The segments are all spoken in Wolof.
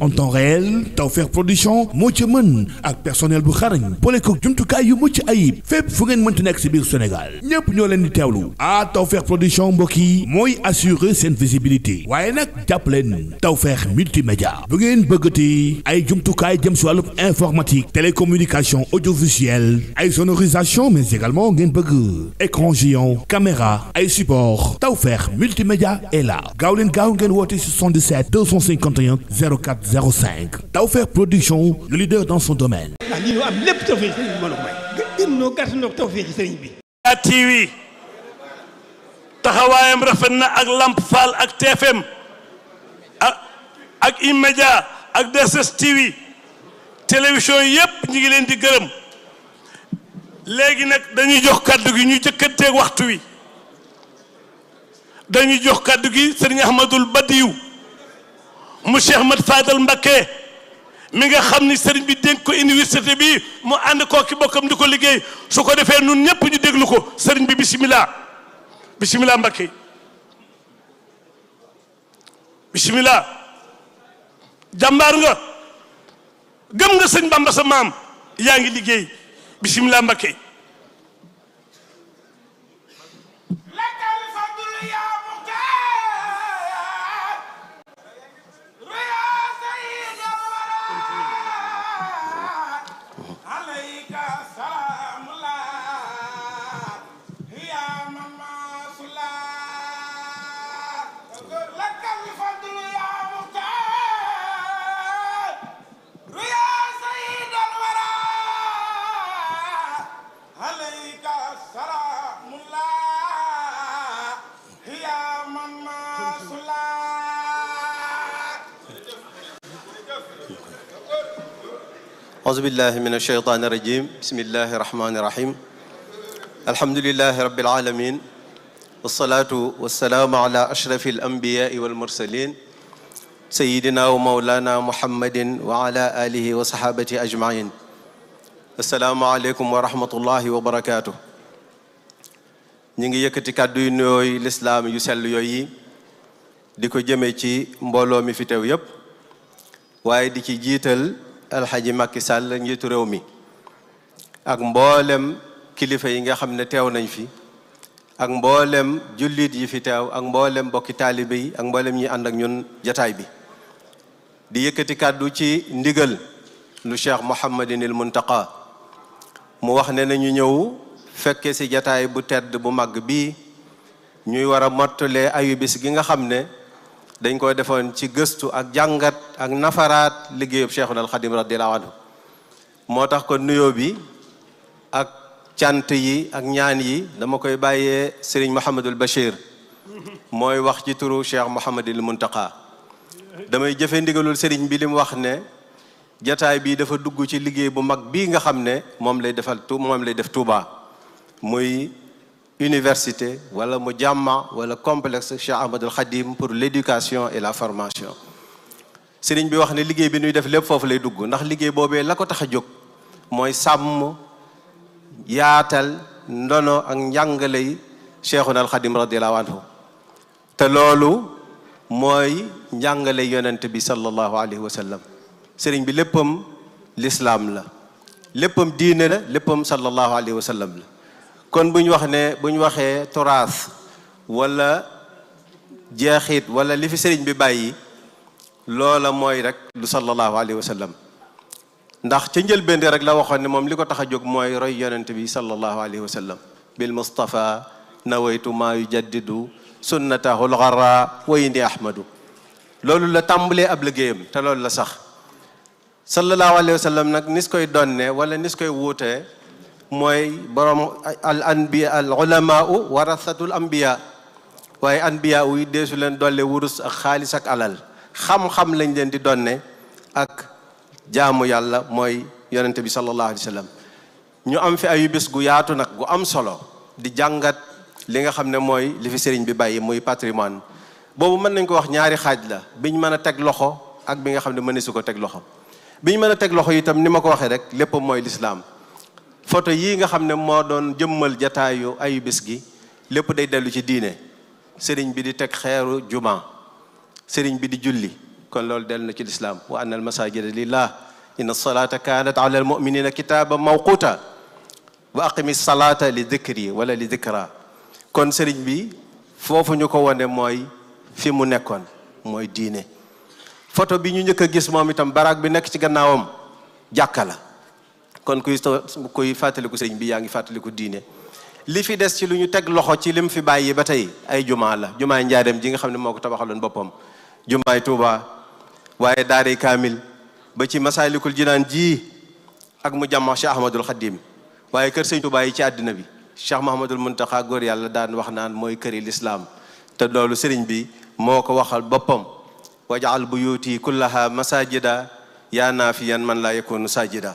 en temps réel Tawfekh production moo ci mën ak personnel bu xarañ boole ko jumtukaay yu ci ayib fépp fu ngeen mënti nekk si biir Sénégal ñépp ñoo leen di teewlu ah Tawfekh production mbokk yi mooy assurer seen visibilité waaye nag jàpp leen Tawfekh multimédia bu ngeen bëggati ay jumtukaay jëm si wàllu informatique télécommunication audiovisuelle ay sonorisation mais également ngeen bëgg écran géant caméra ay support Tawfekh multimédia est là gaaw leen gaaw ngeen woote 77 251 04 05 Tawfekh Production le leader dans son domaine. ah lépp tawfeex sëriñ bi mën a may. gën noo bi. TV taxawaayam rafet na ak Lamp Fall ak TFM ah, ak ak ak DSS TV télévision yépp ñu ngi leen di gërëm léegi nag dañuy jox kàddu gi ñu jëkkanteeg waxtu wi dañuy jox kàddu gi sëriñ Ahmadul Badiou. mu Cheikh Mat Fadal Mbakke mi nga xam ni sëriñ bi dénk ko université bi mu ànd koo ki bokkam di ko liggéey su ko defee nun ñëpp ñu déglu ko sëriñ bi bisimilah bisimilah Mbakke bisimilah jàmbaar nga gëm nga sëñ Bamba sa yaa ngi liggéey bisimilah Mbakke. أعوذ بالله من الشيطان الرجيم بسم الله الرحمن الرحيم الحمد لله رب العالمين والصلاة والسلام على أشرف الأنبياء والمرسلين سيدنا ومولانا محمد وعلى آله وصحابته أجمعين السلام عليكم ورحمة الله وبركاته ñu ngi yëkkati kàddu yu nuyooy lislaam yu sell yooyu di ko jëmee ci mbooloo mi fi teew yépp waaye di ci jiital alxaji Macky Sall njiitu réew mi ak mboolem kilifa yi nga xam ne teew nañ fi ak mboolem jullit yi fi teew ak mboolem bokki taaliba yi ak mboolem ñi ànd ak ñun jataay bi di yëkkati kàddu ci ndigal lu cheikh Mouhamadinil Muntaqa mu wax ne nañu ñëw fekke ci jataay bu tedd bu màgg bii ñuy war a mottalee ayu gi nga xam ne dañ koy defoon ci gëstu ak jàngat ak nafaraat liggéeyub Cheikhul Khadim radiyallahu anhu moo tax ko nuyoo bi ak cant yi ak ñaan yi dama koy bàyyee Serigne Mouhamadul Bachir mooy wax ci turu Cheikh Mouhamadul Muntaqa damay jëfe ndigalul Serigne bi li wax ne jataay bi dafa dugg ci liggéey bu mag bi nga xam ne moom lay defal tu moom lay def Touba muy université wala mu jàmma wala complexe Cheikh Ahmadul Khadim pour l'éducation et la formation sëriñ bi wax ne liggéey bi ñuy def lépp foofu lay dugg ndax liggéey boobee la ko tax a jóg mooy sàmm yaatal ndono ak njàngaley Cheikhuna al Khadim radiallahu anhu te loolu mooy njàngale yonent bi sallallahu alayhi wa sallam sëriñ bi léppam lislaam la léppam diine la léppam sallallahu alayhi wa sallam la kon bu wax ne bu ñu waxee turaas wala jeexit wala li fi sëriñ bi bàyyi loola mooy rek lu sallallahu alayhi wa sallam ndax ca njëlbéen rek la waxoon ni moom li ko tax a jóg mooy roy yonent bi sallallahu alayhi wa sallam bil mustafa nawaytu maa yujaddidu sunnatahu lxara wa indi ahmadu loolu la tàmbalee ab liggéeyam te loolu la sax sallallahu alayhi wa sallam nag nis koy donne wala nis koy wuutee mooy borom al anbiya al ulamaau warasatul anbiya waaye anbiya yi deesu leen dolle wurus ak xaalis ak alal xam-xam lañ leen di donne ak jaamu yàlla mooy yonente bi sallallahu alayhi wa sallam ñu am fi ayu bés gu yaatu nag gu am solo di jàngat li nga xam ne mooy li fi sëriñ bi bàyyi muy patrimoine boobu mën nañ ko wax ñaari xaaj la bi ñu mën a teg loxo ak bi nga xam ne mëneesu ko teg loxo bi ñu mën a teg loxo itam ni ma ko waxee rek lépp mooy lislaam photo yii nga xam ne moo doon jëmmal jataayu ayu bés gi lépp day dellu ci diine sëriñ bi di teg xeeru juma sëriñ bi di julli kon loolu dellu na ci lislaam wa anna al masajida lillah inna salata kanat ala al muminina kitaba mawquta wa aqimi salata li dikri wala li dikra kon sëriñ bi foofu ñu ko wone mooy fi mu nekkoon mooy diine foto bi ñu njëkk a gis moom itam baraag bi nekk ci gannaawam jàkka la kon kuy kuy fàttaliku sëriñ bi yaa ngi fàttaliku diine li fi des ci lu ñu teg loxo ci lim fi bàyyi ba tey ay jumaa la jumaay njaareem ji nga xam ne moo ko tabaxaloon boppam jumaay tuuba waaye daaray kaamil ba ci masaalikul jinaan ji ak mu jàmma Cheikh Ahmadul Xadim waaye kër sëñ tuuba yi ci àddina bi Cheikh Mahamadul Muntaxa góor yàlla daan wax naan mooy këri lislaam te doolu sëriñ bi moo ko waxal boppam wajaal buyuti kullaha masajida yaa naafiyan man laa yakunu sajida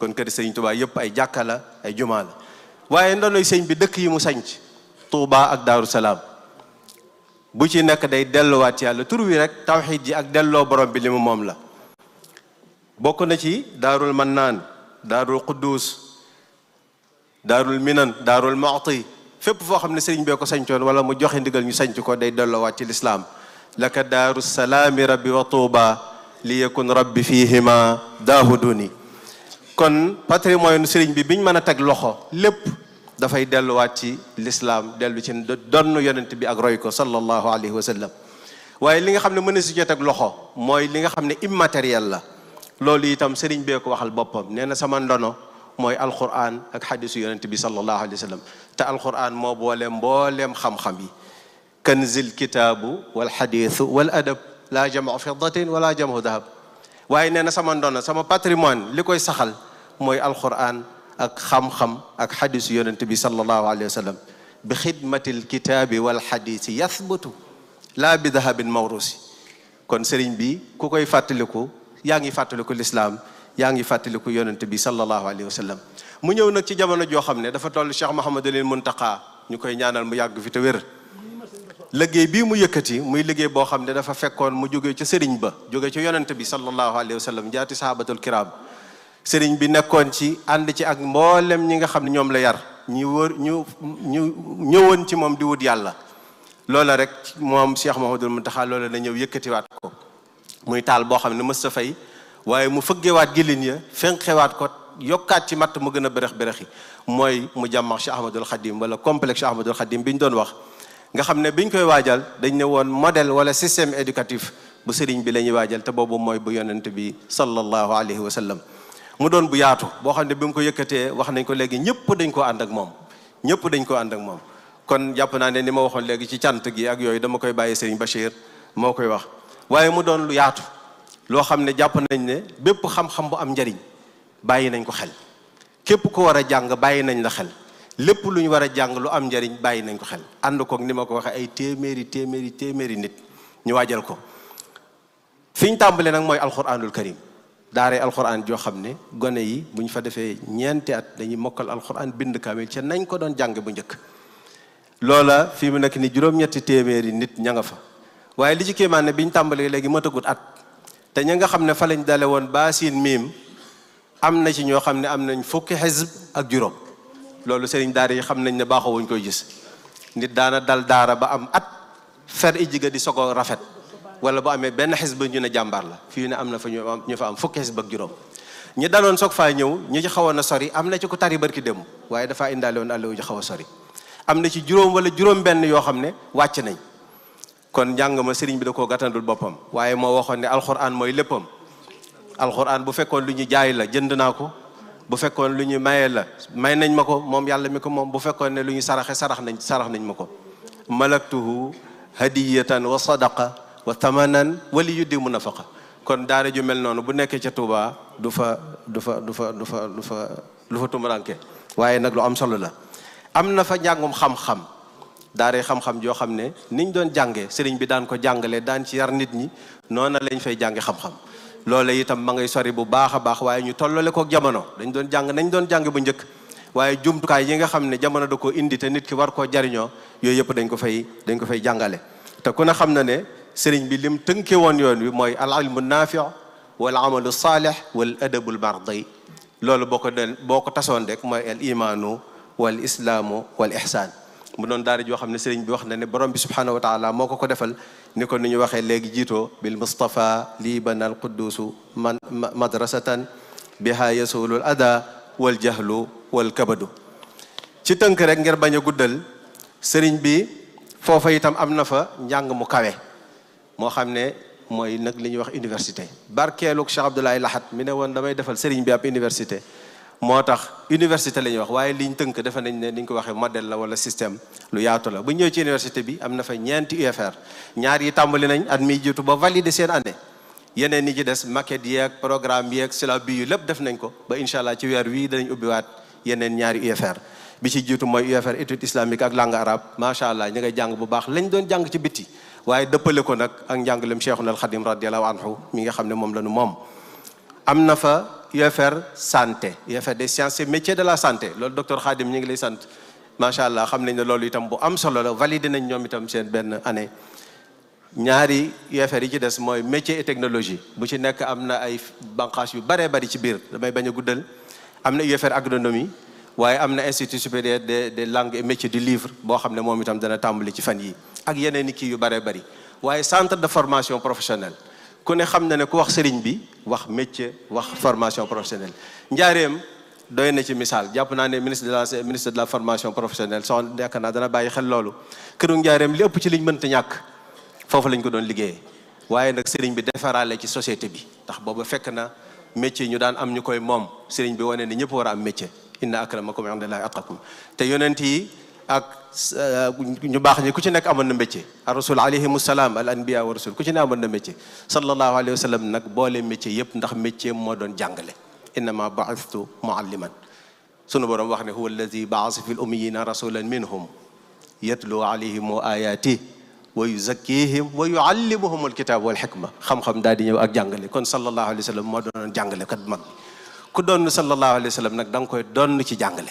kon kër sëñ Touba yëpp ay jàkka la ay juma la waaye ndonoy sëñ bi dëkk yi mu sanc Touba ak Daaru Salaam bu ci nekk day delluwaat ci yàlla tur wi rek tawxiid ji ak delloo borom bi li mu moom la bokk na ci daarul mannaan daarul quddus daarul minan daarul mu'ti fépp foo xam ne sëriñ bee ko sañcoon wala mu joxe ndigal ñu sañc ko day delloowaat ci lislaam laka daaru salaami rabbi wa tuuba li yakun rabbi fihima daahuduni kon patrimoine sëriñ bi biñ mën a teg loxo lépp dafay delluwaat ci lislaam dellu ci donn yonent bi ak roy ko sallallahu alayhi wa sallam waaye li nga xam ne mën na si jot ak loxo mooy li nga xam ne immatériel la loolu itam sëriñ bee ko waxal boppam nee na sama ndono mooy alquran ak xadisu yonent bi sallallahu alayhi wa sallam te alquran moo boole mbooleem xam-xam yi kanzil kitaabu wal xadisu wal adab laa jamu fiddatin wala jamu dahab waaye nee na sama ndono sama patrimoine li koy saxal mooy alquran ak xam-xam ak xadisu yonent bi sallallahu alayhi wa sallam bi xidmati alkitaabi wal xadisi yathbutu laa bi dahabin mawrusi kon sëriñ bi ku koy fàttaliku yaa ngi fàttaliku lislaam yaa ngi fàttaliku yonent bi sallallahu alayhi wa sallam mu ñëw nag ci jamono joo xam ne dafa toll Cheikh Mouhamadulil Muntaqa ñu koy ñaanal mu yàgg fi te wér liggéey bii mu yëkkati muy liggéey boo xam ne dafa fekkoon mu jóge ca sëriñ ba jóge ca yonent bi sallallahu alayhi wa sallam jaati sahabatul kiram sëriñ bi nekkoon ci ànd ci ak mboolem ñi nga xam ne ñoom la yar ñi wër ñu ñu ñëwoon ci moom di wut yàlla loola rek moom Cheikh Mouhamadoul Mountakha loola na ñëw yëkkatiwaat ko muy taal boo xam ne mës sa fay waaye mu fëggewaat gillin ya fenqewaat ko yokkaat ci matt mu gën a bérex bérex mooy mu jàmmax Cheikh Ahmadul Xadim wala complexe Cheikh Ahmadul Xadim bi ñu doon wax nga xam ne biñ koy waajal dañ ne woon modèle wala système éducatif bu sëriñ bi la ñuy waajal te boobu mooy bu yonent bi sallallahu alayhi wa sallam mu doon bu yaatu boo xam ne bi mu ko yëkkatee wax nañ ko léegi ñëpp dañ ko ànd ak moom ñëpp dañ ko ànd ak moom kon jàpp naa ne ni ma waxoon léegi ci cant gi ak yooyu dama koy bàyyi Serigne Bachir moo koy wax waaye mu doon lu yaatu loo xam ne jàpp nañ ne bépp xam-xam bu am njariñ bàyyi nañ ko xel képp ko war a jàng bàyyi nañ la xel lépp lu ñu war a jàng lu am njariñ bàyyi nañ ko xel ànd kook ni ma ko waxee ay téeméeri téeméeri téeméeri nit ñu waajal ko fi ñu tàmbalee nag mooy alxuraanul karim daaree alxuraan joo xam ne gone yi bu ñu fa defee ñeenti at dañuy mokkal alxuraan bind kaamil ca nañ ko doon jàng bu njëkk loola fii mu nekk ni juróom-ñetti téeméeri nit ña nga fa waaye li ci kéemaan ne bi ñu tàmbalee léegi matagut at te ña nga xam ne fa lañ dale woon baa siin miim am na ci ñoo xam ne am nañ fukki xisb ak juróom loolu sëriñ daar yi xam nañ ne baaxoo wuñ koy gis nit daana dal daara ba am at fer i jiga di sogo rafet wala bu amee benn xisba ñu ne jàmbaar la fii ne am na fa ñu am ñu fa am fukki xisba ak juróom ñi daloon soog faa ñëw ñi ci xawoon a sori am na ci ko tari barki dem waaye dafaa indaale woon àllewu ji xaw a sori am na ci juróom wala juróom-benn yoo xam ne wàcc nañ kon njàng ma sëriñ bi da koo gàttandul boppam waaye moo waxoon ne alxuraan mooy léppam alxuraan bu fekkoon lu ñu jaay la jënd naa ko bu fekkoon lu ñu maye la may nañ ma ko moom yàlla mi ko moom bu fekkoon ne lu ñu saraxe sarax nañ sarax nañ ma ko wa tamanan wali yu diw mu nafaqa kon daara ju mel noonu bu nekkee ca Touba du fa du fa du fa du fa du fa lu fa tumuranke waaye nag lu am solo la am na fa njàngum xam-xam daare xam-xam joo xam ne niñ doon jàngee sëriñ bi daan ko jàngalee daan ci yar nit ñi noona lañ fay jànge xam-xam loola itam ma ngay sori bu baax a baax waaye ñu tollale ko jamono dañ doon jàng nañ doon jàng bu njëkk waaye jumtukaay yi nga xam ne jamono da ko indi te nit ki war koo jariñoo yooyu yëpp dañ ko fay dañ ko fay jàngale te ku ne xam na sëriñ bi lim tënke woon yoon wi mooy al ilmu naafiu wal amalu saalih wal adabul mardi loolu boo ko den boo ko tasoon rek mooy al imaanu wal islaamu wal ihsaan mu noon daara joo xam ne sëriñ bi wax na ne borom bi subhanahu wa taala moo ko ko defal ni ko nu ñu waxee léegi jiitoo bil mustafa liban al quddusu man madrasatan biha yasulul ada wal jahlu wal kabadu ci tënk rek ngir baña a guddal sëriñ bi foofa itam am na fa njàng mu kawe moo xam ne mooy nag li ñuy wax université barkeeluk Cheikh Abdoulaye laxat mu ne woon damay defal sëriñ bi ab université moo tax université la wax waaye liñ tënk defe nañ ne ni ñu ko waxee modèle la wala système lu yaatu la bu ñëw ci université bi am na fa ñeenti UFR ñaar yi nañ at mi jiitu ba valider seen année yeneen ni ci des maquette yeeg programme yeeg syllabi yu lépp def nañ ko ba incha allah ci weer wii danañ ubbiwaat yeneen ñaari UFR bi ci jiitu mooy UFR étude islamique ak langue arabe macha allah ñu ngay jàng bu baax lañ doon jàng ci biti waaye dëppale ko nag ak njàngalem Cheikhul Khadim radiallahu anhu mi nga xam ne moom la nu moom am na fa UFR santé UFR de sciences et métiers de la santé loolu docteur Khadim ñu ngi lay sant macha allah xam nañ ne loolu itam bu am solo la validé nañ ñoom itam seen benn année ñaari UFR yi ci des mooy métier et technologie bu ci nekk am na ay banqaas yu baree bari ci biir damay bañ a guddal am na UFR agronomie waaye am na institut supérieur des des langues et livre boo xam ne moom itam dana tàmbali ci fan yi ak yeneen i kii yu bare bari waaye centre de formation professionnelle ku ne xam na ne ku wax sëriñ bi wax métier wax formation professionnelle njaareem doy na ci misaal jàpp naa ne ministre de la ministre de la formation professionnelle soxna yaakaar naa dana bàyyi xel loolu këru njaareem li ëpp ci liñ mënta ñàkk foofu lañ ko doon liggéeyee waaye nag sëriñ bi defaraale ci société bi ndax booba fekk na métier ñu daan am ñu koy moom sëriñ bi wane ne ñëpp war a am métier inna akramakum indallahi atqakum ak eh, ñu baax ñi ku ci nekk amoon na métier ar rasul alayhimu salaam al anbiya wa rasul ku ci ne amoon na métier sallallahu alayhi wa sallam nag boole métier yëpp ndax métier moo doon jàngale innama baastu mualliman sunu borom wax ne huwa alladi baasa fi l ummiyina rasulan minhum yatlu alayhim ayati wa yuzakkihim wa yuallimuhum alkitab wal xikma xam-xam daal di ñëw ak jàngale kon sallallahu alayhi wa sallam moo doon jàngale kat mag bi ku doon sallallahu alayhi wa sallam nag da nga koy doon ci jàngale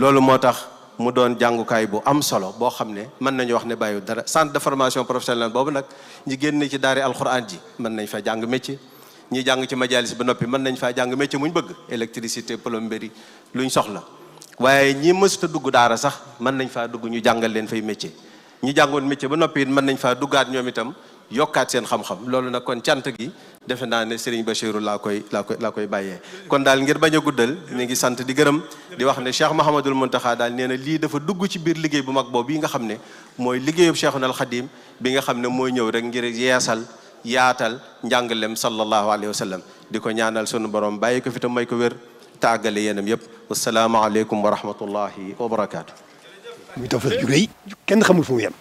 loolu moo tax mu doon jàngukaay bu am solo boo xam ne mën nañu wax ne bàyyiwul dara centre de formation professionnelle boobu nag ñi génn ci daari alxuraan ji mën nañ faa jàng métier. ñi jàng ci majalis ba noppi mën nañ faa jàng métier muñ bëgg électricité plomberie luñ soxla waaye ñi mësuta dugg daara sax mën nañ faa dugg ñu jàngal leen fay métier. ñi jàngoon métier ba noppiit mën nañ faa duggaat ñoom itam yokkaat seen xam-xam loolu nag kon cant gi defe naa ne Serigne Bachirou laa koy laa koy laa koy bàyyee kon daal ngir bañ a guddal ñu ngi sant di gërëm di wax ne Cheikh Mahamadul Muntaxa daal nee na lii dafa dugg ci biir liggéey bu mag boobu yi nga xam ne mooy liggéeyub Cheikhul Khadim bi nga xam ne mooy ñëw rek ngir yeesal yaatal njàngalem sallallahu alayhi wa sallam di ko ñaanal sunu borom bàyyi ko fi tam ko wér tàggale yéenam yëpp wasalaamaaleykum wa rahmatullahi wa barakaatu. muy tawfeex ju rëy kenn xamul fu yam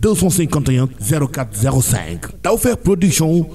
251 04 05 Tawfekh Production